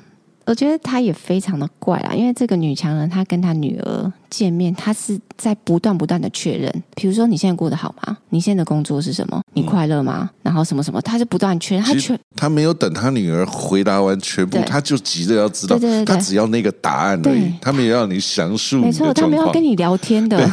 我覺得他也非常的怪啊，因為這個女強人，她跟她女兒見面，她是在不斷不斷的確認。比如說，你現在過得好嗎？你現在的工作是什麼？你快樂嗎？嗯、然後什麼什麼，她是不斷的確認。她她沒有等她女兒回答完全部，她就急着要知道。她只要那個答案而已，對，她沒有讓你詳述你。沒錯，她沒有跟你聊天的。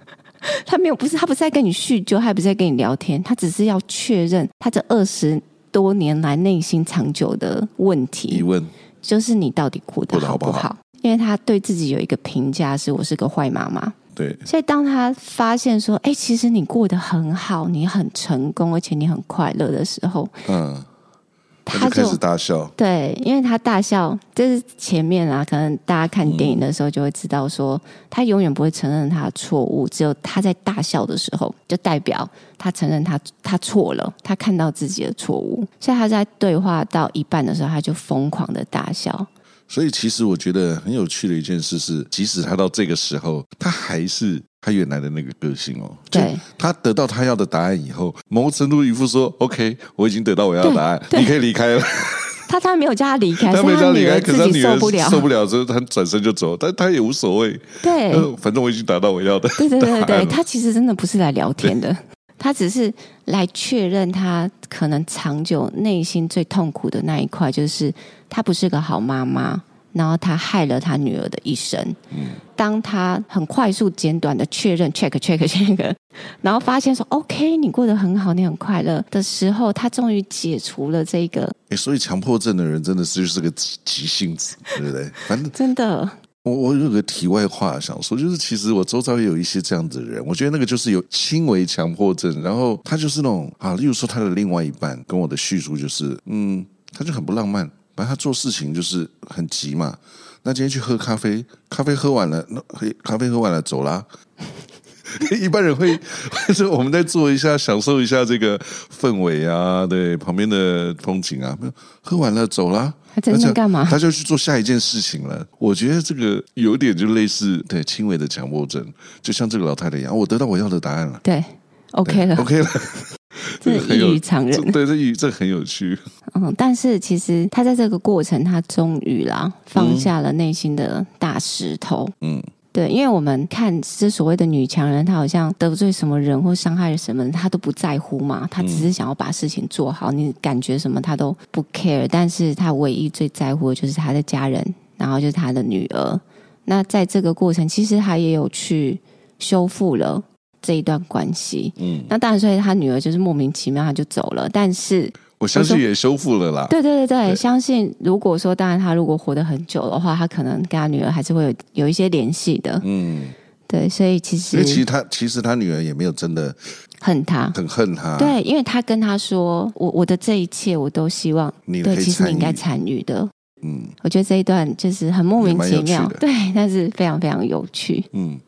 他沒有，不是他不是在跟你敘舊，他不是在跟你聊天，他只是要確認他這二十多年來內心長久的問題疑問。就是你到底過得，得好不好？因為他對自己有一個評價，是我是個壞媽媽。對，所以當他發現說，哎，其實你過得很好，你很成功，而且你很快樂的時候，嗯。他，他開始大笑，對，因為他大笑，就是前面啊，可能大家看電影的時候就會知道說，說、嗯、他永遠不會承認他的錯誤，只有他在大笑的時候，就代表他承認他他錯了，他看到自己的錯誤，所以他在對話到一半的時候，他就瘋狂的大笑。所以其實我覺得很有趣的一件事是，即使他到這個時候，他還是。他原來的那個個性哦，對，他得到他要的答案以後，某程度一副說：“OK，我已經得到我要的答案，你可以離開了。” 他他沒有叫他離開，他沒有叫他離開，可是他女兒受不了，受不了之後他轉身就走，但他，他也無所謂。對，反正我已經達到我要的。對，對對對對，他其實真的不是來聊天的，他只是來確認他可能長久內心最痛苦的那一塊，就是他不是個好媽媽。然後他害了他女兒的一生。嗯，當他很快速簡短的確認 check check check，然後發現說 OK，你過得很好，你很快樂的時候，他終於解除了這個。欸，所以強迫症的人真的是就是個急性子，對不對？ 反正真的。我我有個題外話想說，就是其實我周遭也有一些這樣子的人，我覺得那個就是有輕微強迫症，然後他就是那種啊，例如說他的另外一半跟我的敘述就是，嗯，他就很不浪漫。反正他做事情就是很急嘛。那今天去喝咖啡，咖啡喝完了，那咖啡喝完了，走啦。 一般人會說：“ 我們再坐一下，享受一下這個氛圍啊，對，旁邊的風景啊。”沒有，喝完了，走啦。他真正幹嘛？他就去做下一件事情了。我覺得這個有點就類似對輕微的強迫症，就像這個老太太一樣。我得到我要的答案了。對，OK 了，OK 了。Okay 了這異於常人、這個、很有，對，這這個、很有趣。嗯，但是其實他在這個過程他終於，他終於啦放下了內心的大石頭。嗯，對，因為我們看這所謂的女強人，她好像得罪什麼人或傷害了什麼人，她都不在乎嘛，她只是想要把事情做好。嗯、你感覺什麼，她都不 care。但是她唯一最在乎的就是她的家人，然後就是她的女兒。那在這個過程，其實她也有去修復了。這一段關係，嗯，那當然，所以他女兒就是莫名其妙他就走了，但是我相信也修復了啦。對對對對，相信如果說當然他如果活得很久的話，他可能跟他女兒還是會有有一些聯繫的。嗯，對，所以其實，其實他其實他女兒也沒有真的恨他，恨他，很恨他。對，因為他跟他說，我我的這一切我都希望你，對，其實你應該參與的。嗯，我覺得這一段就是很莫名其妙，對，但是非常非常有趣。嗯。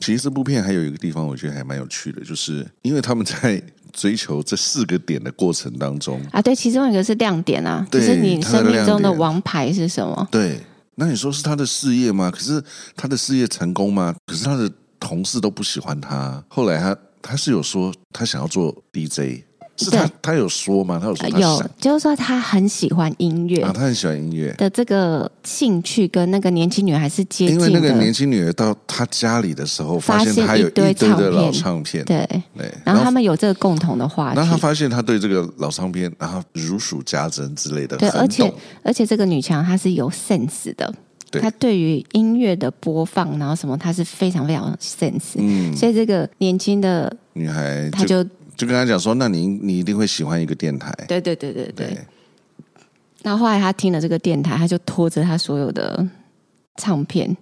其實這部片還有一個地方，我覺得還蠻有趣的，就是因為他們在追求這四個點的過程當中啊，對，其中一個是亮點啊，就是你生命中的王牌是什麼？對，那你說是他的事業嗎？可是他的事業成功嗎？可是他的同事都不喜歡他。後來他他是有說他想要做 DJ。是他，他有說嗎？他有說他，有就是說他很喜歡音樂啊，他很喜歡音樂的這個興趣跟那個年輕女孩是接近的。因為那個年輕女孩到他家裡的時候，發現他有一堆的老唱片，一堆唱片對對然。然後他們有這個共同的話題，然後他發現他對這個老唱片，然後如數家珍之類的。對，而且而且這個女強她是有 sense 的。對，她對於音樂的播放然後什麼，她是非常非常 sense。嗯，所以這個年輕的女孩，她就。就跟他講說，那你你一定會喜歡一個電台。對對對對對，對。那後，後來他聽了這個電台，他就拖着他所有的唱片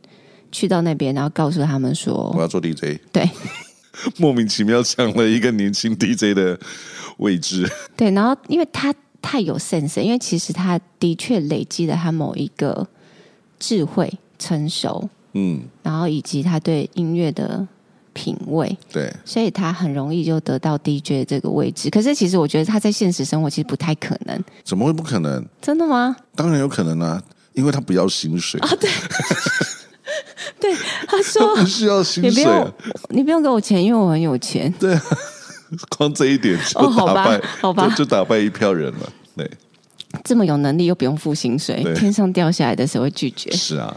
去到那邊，然後告訴他們說：“我要做 DJ。”對， 莫名其妙搶了一個年輕 DJ 的位置。 對，然後因為他太有 sense，因為其實他的確累積了他某一個智慧成熟，嗯，然後以及他對音樂的。品味對，所以他很容易就得到 DJ 這個位置。可是其實我覺得他在現實生活其實不太可能。怎麼會不可能？真的嗎？當然有可能啊，因為他不要薪水啊。對， 對，他說他不需要薪水，啊你，你不用給我錢，因為我很有錢。對，啊，光這一點就打敗，哦，好吧，好吧就，就打敗一票人了。對，這麼有能力又不用付薪水，天上掉下來的時候會拒絕是啊。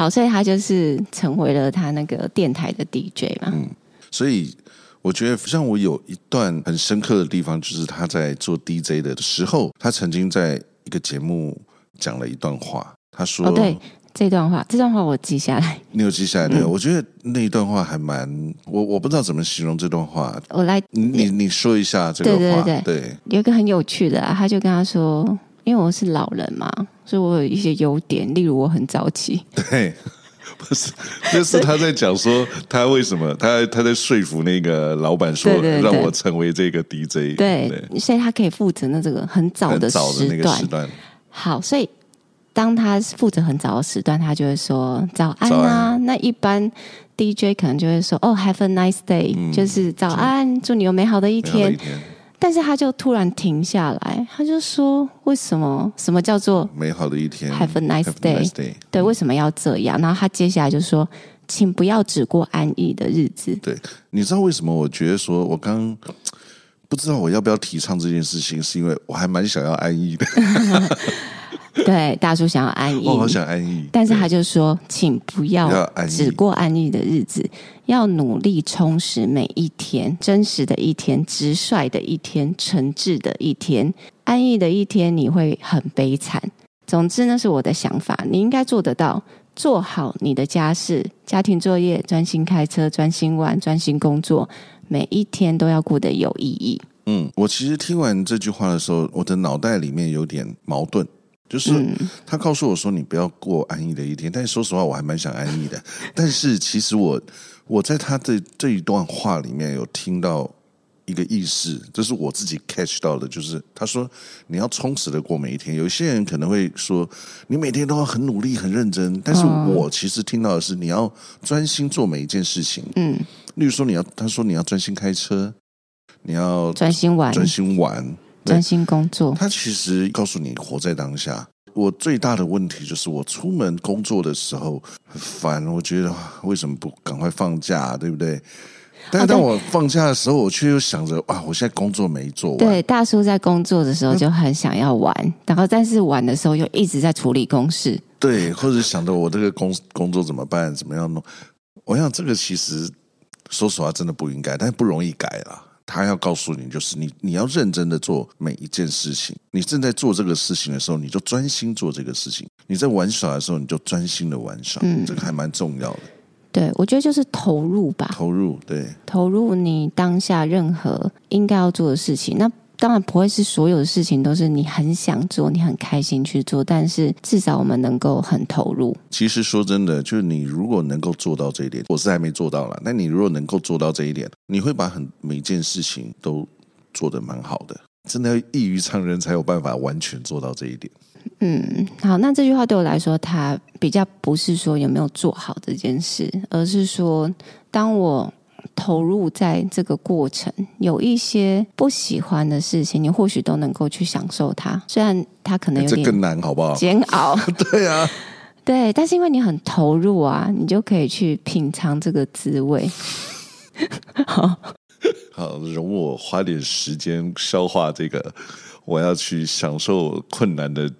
好，所以他就是成為了他那個電臺的 DJ 嘛。嗯，所以我覺得像我有一段很深刻的地方，就是他在做 DJ 的時候，他曾經在一個節目講了一段話，他說：“哦，對，這段話，這段話我記下來，你有記下來沒有？嗯。我覺得那一段話還蠻……我我不知道怎麼形容這段話，我來，你你說一下這個話，對對對對，對，有一個很有趣的啊，他就跟他說。”因為我是老人嘛，所以我有一些優點，例如我很早起。對，不是，就是他在講說 他為什麼他他在說服那個老闆說對對對對，讓我成為這個 DJ。對。對，所以他可以負責那這個很早的時段。時段好，所以當他是負責很早的時段，他就會說早安啦、啊」安。那一般 DJ 可能就會說哦、oh，Have a nice day，嗯、就是早安是，祝你有美好的一天。但是他就突然停下來，他就說：“為什麼？什麼叫做美好的一天？have a nice day，Have a nice day。對，為什麼要這樣？嗯。然後他接下來就說：‘請不要只過安逸的日子。’對，你知道為什麼？我覺得說，我剛不知道我要不要提倡這件事情，是因為我還蠻想要安逸的。 對，大叔想要安逸，我好想安逸。但是他就說：‘請不要只過安逸的日子。’要努力充實每一天，真實的一天，直率的一天，誠摯的一天，安逸的一天，你會很悲慘。總之，那是我的想法。你應該做得到，做好你的家事、家庭作業，專心開車，專心玩，專心工作，每一天都要過得有意義。嗯，我其實聽完這句話的時候，我的腦袋裡面有點矛盾，就是、嗯、他告訴我說你不要過安逸的一天，但是說實話，我還蠻想安逸的。 但是其實我。我在他的這一段話裡面有聽到一個意思，這是我自己 catch 到的，就是他說你要充實的過每一天。有些人可能會說你每天都要很努力、很認真，但是我其實聽到的是你要專心做每一件事情。嗯，例如說你要，他說你要專心開車，你要專心玩、專心玩、專心工作。他其實告訴你活在當下。我最大的問題就是，我出門工作的時候很煩，我覺得為什麼不趕快放假，啊，對不對？但是當我放假的時候，啊，我卻又想着啊，我現在工作沒做。對，大叔在工作的時候就很想要玩，嗯，然後但是玩的時候又一直在處理公事。對，或者想着我這個工工作怎麼辦，怎麼樣弄？我想這個其實說實話真的不應該，但是不容易改啦。他要告訴你，就是你，你要認真的做每一件事情。你正在做這個事情的時候，你就專心做這個事情；你在玩耍的時候，你就專心的玩耍。嗯，這個還蠻重要的。對，我覺得就是投入吧，投入，對，投入你當下任何應該要做的事情。那。當然不會是所有的事情都是你很想做，你很開心去做，但是至少我們能夠很投入。其實說真的，就是你如果能夠做到這一點，我是還沒做到了。但你如果能夠做到這一點，你會把很每件事情都做得蠻好的。真的要異於常人才有辦法完全做到這一點。嗯，好，那這句話對我來說，它比較不是說有沒有做好這件事，而是說當我。投入在這個過程，有一些不喜歡的事情，你或許都能夠去享受它。雖然它可能有點、欸、更難，好不好？煎熬， 對呀、啊，對。但是因為你很投入啊，你就可以去品嘗這個滋味。 好，好，容我花點時間消化這個。我要去享受困難的。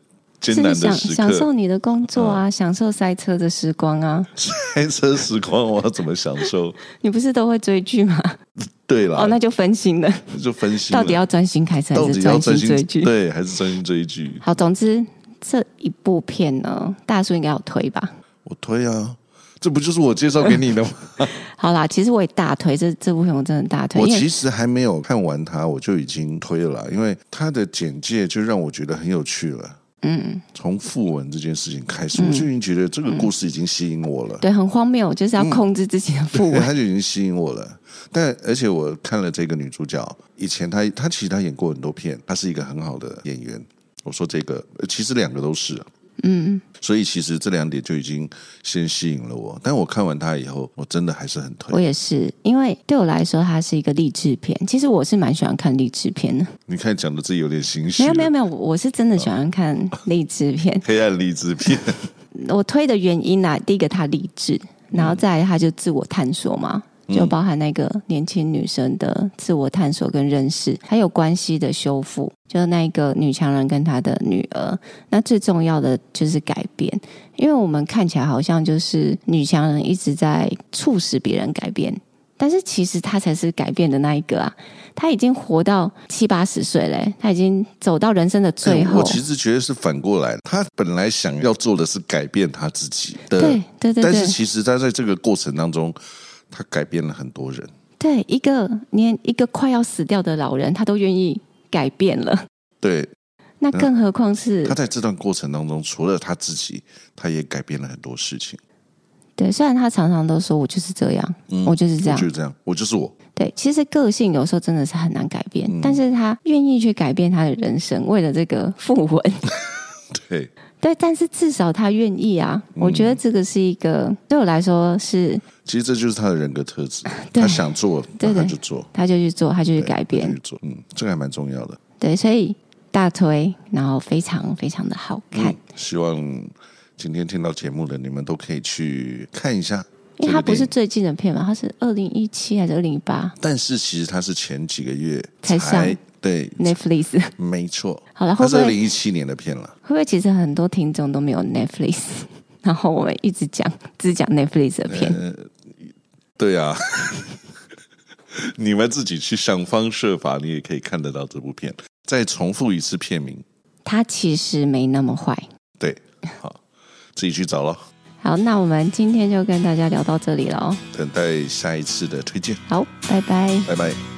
真的享享受你的工作啊、哦，享受塞車的時光啊。 塞車時光，我要怎麼享受？ 你不是都會追劇嗎？ 對了，哦，那就分心了， 就分心。到底要專心開車，還是專心追劇？對，還是專心追劇？ 好，總之這一部片呢，大叔應該要推吧？我推啊，這不就是我介紹給你的嗎？ 好啦，其實我也大推這這部片，我真的大推。我其實還沒有看完它，我就已經推了，因為它的簡介就讓我覺得很有趣了。嗯，從訃聞這件事情開始、嗯，我就已經覺得這個故事已經吸引我了。嗯嗯、對，很荒謬，我就是要控制自己的訃聞。嗯、他就已經吸引我了。但而且我看了這個女主角，以前她她其實她演過很多片，她是一個很好的演員。我說這個，其實兩個都是。嗯，所以其實這兩點就已經先吸引了我，但我看完它以後，我真的還是很推。我也是，因為對我來說，它是一個勵志片。其實我是蠻喜歡看勵志片的。你看講的這有點情緒，沒有沒有沒有，我是真的喜歡看勵志片，哦、 黑暗勵志片。 我推的原因啊，第一個它勵志，然後再來它就自我探索嘛。嗯就包含那個年輕女生的自我探索跟認識，還有關係的修復。就是那一個女強人跟她的女兒，那最重要的就是改變。因為我們看起來好像就是女強人一直在促使別人改變，但是其實她才是改變的那一個啊！她已經活到七八十歲嘞，欸，她已經走到人生的最後。欸，我其實覺得是反過來，她本來想要做的是改變她自己的對，對對對。但是其實她在這個過程當中。他改變了很多人，對一個連一個快要死掉的老人，他都願意改變了，對，那更何況是他在這段過程當中，除了他自己，他也改變了很多事情。對，雖然他常常都說我就是這樣，嗯、我就是這樣，就這樣，我就是我。對，其實個性有時候真的是很難改變，嗯、但是他願意去改變他的人生，為了這個訃聞。 對。對，但是至少他願意啊！嗯、我覺得這個是一個對我來說是。其實這就是他的人格特質。對他想做，對對對他就做。他就去做，他就去改變。他就去做，嗯，這個還蠻重要的。對，所以大推，然後非常非常的好看，嗯。希望今天聽到節目的你們都可以去看一下。因為他不是最近的片嘛，他是二零一七還是二零一八？但是其實他是前幾個月才，才上。對 Netflix，沒錯。好了，會不會，它是二零一七年的片了？會不會其實很多聽眾都沒有 Netflix？ 然後我們一直講只講 Netflix 的片？呃、對啊， 你們自己去想方設法，你也可以看得到這部片。再重複一次片名，它其實沒那麼壞。對，好，自己去找咯。 好，那我們今天就跟大家聊到這裡了哦。等待下一次的推薦。好，拜拜，拜拜。